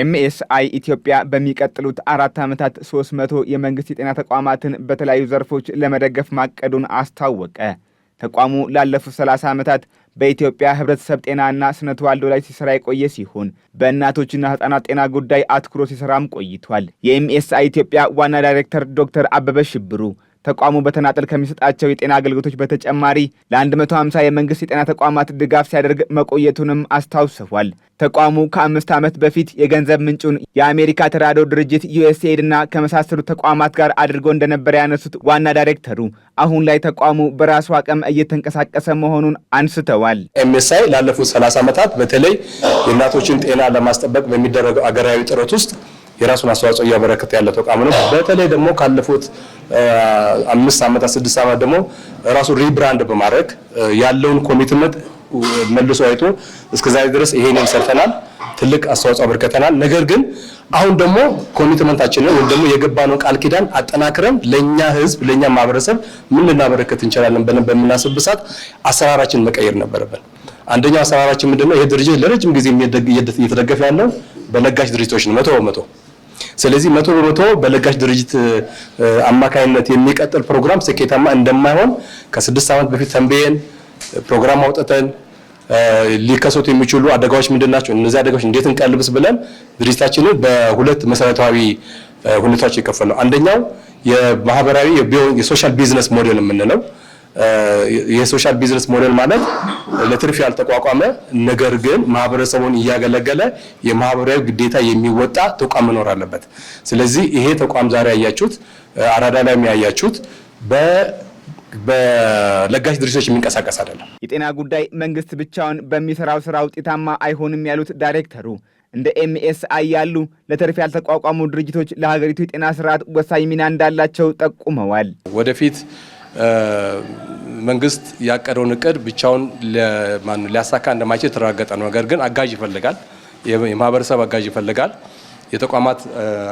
ኤምኤስአይ ኢትዮጵያ በሚቀጥሉት አራት ዓመታት 300 የመንግሥት የጤና ተቋማትን በተለያዩ ዘርፎች ለመደገፍ ማቀዱን አስታወቀ። ተቋሙ ላለፉት 30 ዓመታት በኢትዮጵያ ሕብረተሰብ ጤናና ስነ ተዋልዶ ላይ ሲሰራ የቆየ ሲሆን በእናቶችና ሕፃናት ጤና ጉዳይ አትኩሮ ሲሰራም ቆይቷል። የኤምኤስአይ ኢትዮጵያ ዋና ዳይሬክተር ዶክተር አበበ ሽብሩ ተቋሙ በተናጠል ከሚሰጣቸው የጤና አገልግሎቶች በተጨማሪ ለ150 የመንግስት የጤና ተቋማት ድጋፍ ሲያደርግ መቆየቱንም አስታውሰዋል። ተቋሙ ከአምስት ዓመት በፊት የገንዘብ ምንጩን የአሜሪካ ተራድኦ ድርጅት ዩኤስኤድ እና ከመሳሰሉ ተቋማት ጋር አድርጎ እንደነበረ ያነሱት ዋና ዳይሬክተሩ አሁን ላይ ተቋሙ በራሱ አቅም እየተንቀሳቀሰ መሆኑን አንስተዋል። ኤምኤስአይ ላለፉት 30 ዓመታት በተለይ የእናቶችን ጤና ለማስጠበቅ በሚደረገው አገራዊ ጥረት ውስጥ የራሱን አስተዋጽኦ እያበረከተ ያለ ተቋም ነው። በተለይ ደግሞ ካለፉት አምስት ዓመታት ስድስት ዓመት ደግሞ ራሱ ሪብራንድ በማድረግ ያለውን ኮሚትመንት መልሶ አይቶ እስከዛሬ ድረስ ይሄንን ሰርተናል፣ ትልቅ አስተዋጽኦ አበርከተናል። ነገር ግን አሁን ደግሞ ኮሚትመንታችንን ወይም ደግሞ የገባነው ቃል ኪዳን አጠናክረን ለኛ ህዝብ ለኛ ማህበረሰብ ምን ልናበረከት እንችላለን ብለን በምናስብ ሰዓት አሰራራችን መቀየር ነበረብን። አንደኛው አሰራራችን ምንድነው? ይሄ ድርጅት ለረጅም ጊዜ እየተደገፈ ያለው በለጋሽ ድርጅቶች ነው መቶ በመቶ ስለዚህ መቶ በመቶ በለጋሽ ድርጅት አማካይነት የሚቀጥል ፕሮግራም ስኬታማ እንደማይሆን ከስድስት ዓመት በፊት ተንብየን ፕሮግራም አውጥተን ሊከሰቱ የሚችሉ አደጋዎች ምንድን ናቸው? እነዚህ አደጋዎች እንዴት እንቀልብስ ብለን ድርጅታችንን በሁለት መሰረታዊ ሁኔታዎች የከፈል ነው። አንደኛው የማህበራዊ የሶሻል ቢዝነስ ሞዴል የምንለው የሶሻል ቢዝነስ ሞዴል ማለት ለትርፍ ያልተቋቋመ ነገር ግን ማህበረሰቡን እያገለገለ የማህበራዊ ግዴታ የሚወጣ ተቋም መኖር አለበት። ስለዚህ ይሄ ተቋም ዛሬ ያያችሁት አራዳ ላይ የሚያያችሁት በለጋሽ ድርጅቶች የሚንቀሳቀስ አይደለም። የጤና ጉዳይ መንግስት ብቻውን በሚሰራው ስራ ውጤታማ አይሆንም ያሉት ዳይሬክተሩ እንደ ኤምኤስአይ ያሉ ለትርፍ ያልተቋቋሙ ድርጅቶች ለሀገሪቱ የጤና ስርዓት ወሳኝ ሚና እንዳላቸው ጠቁመዋል። ወደፊት መንግስት ያቀደውን እቅድ ብቻውን ሊያሳካ እንደማይችል የተረጋገጠ ነው። ነገር ግን አጋዥ ይፈልጋል፣ የማህበረሰብ አጋዥ ይፈልጋል። የተቋማት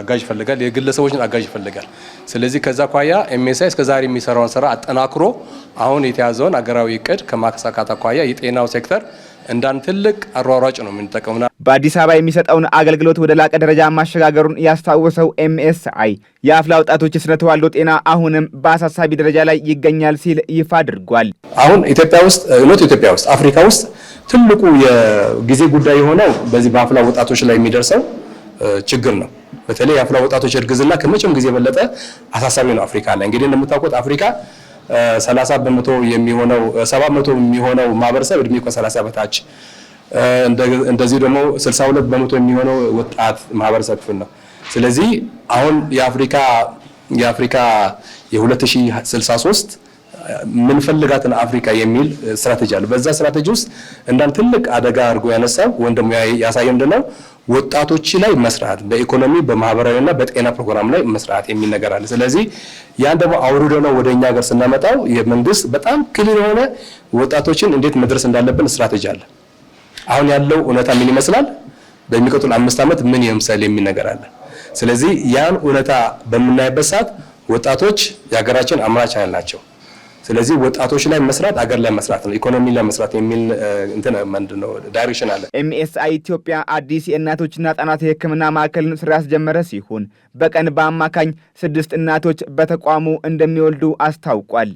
አጋዥ ይፈልጋል፣ የግለሰቦችን አጋዥ ይፈልጋል። ስለዚህ ከዛ አኳያ ኤምኤስአይ እስከዛሬ የሚሰራውን ስራ አጠናክሮ አሁን የተያዘውን አገራዊ እቅድ ከማሳካት አኳያ የጤናው ሴክተር እንዳን ትልቅ አሯሯጭ ነው የምንጠቀሙና በአዲስ አበባ የሚሰጠውን አገልግሎት ወደ ላቀ ደረጃ ማሸጋገሩን ያስታወሰው ኤምኤስአይ የአፍላ ወጣቶች የስነ ተዋልዶ ጤና አሁንም በአሳሳቢ ደረጃ ላይ ይገኛል ሲል ይፋ አድርጓል። አሁን ኢትዮጵያ ውስጥ ኖት ኢትዮጵያ ውስጥ አፍሪካ ውስጥ ትልቁ የጊዜ ጉዳይ የሆነው በዚህ በአፍላ ወጣቶች ላይ የሚደርሰው ችግር ነው። በተለይ የአፍላ ወጣቶች እርግዝና ከመቼም ጊዜ የበለጠ አሳሳቢ ነው አፍሪካ ላይ። እንግዲህ እንደምታውቁት አፍሪካ 30 በመቶ የሚሆነው 70 በመቶ የሚሆነው ማህበረሰብ እድሜ ከ30 በታች እንደዚህ ደግሞ 62 በመቶ የሚሆነው ወጣት ማህበረሰብ ክፍል ነው። ስለዚህ አሁን የአፍሪካ የአፍሪካ የ2063 ምንፈልጋትን አፍሪካ የሚል ስትራቴጂ አለ። በዛ ስትራቴጂ ውስጥ እንዳል ትልቅ አደጋ አድርጎ ያነሳው ወይም ያሳየ ምንድነው ወጣቶች ላይ መስራት በኢኮኖሚ በማህበራዊና በጤና ፕሮግራም ላይ መስራት የሚል ነገር አለ። ስለዚህ ያን ደግሞ አውርዶ ነው ወደ እኛ ሀገር ስናመጣው የመንግስት በጣም ክሊር የሆነ ወጣቶችን እንዴት መድረስ እንዳለብን ስትራቴጂ አለ። አሁን ያለው እውነታ ምን ይመስላል፣ በሚቀጥሉ አምስት ዓመት ምን ይምሰል የሚል ነገር አለ። ስለዚህ ያን እውነታ በምናይበት ሰዓት ወጣቶች የሀገራችን አምራች ኃይል ናቸው። ስለዚህ ወጣቶች ላይ መስራት አገር ላይ መስራት ነው፣ ኢኮኖሚ ላይ መስራት የሚል እንትን ምንድን ነው ዳይሬክሽን አለ። ኤምኤስአይ ኢትዮጵያ አዲስ የእናቶችና ህጻናት የህክምና ማዕከልን ስራ ያስጀመረ ሲሆን በቀን በአማካኝ ስድስት እናቶች በተቋሙ እንደሚወልዱ አስታውቋል።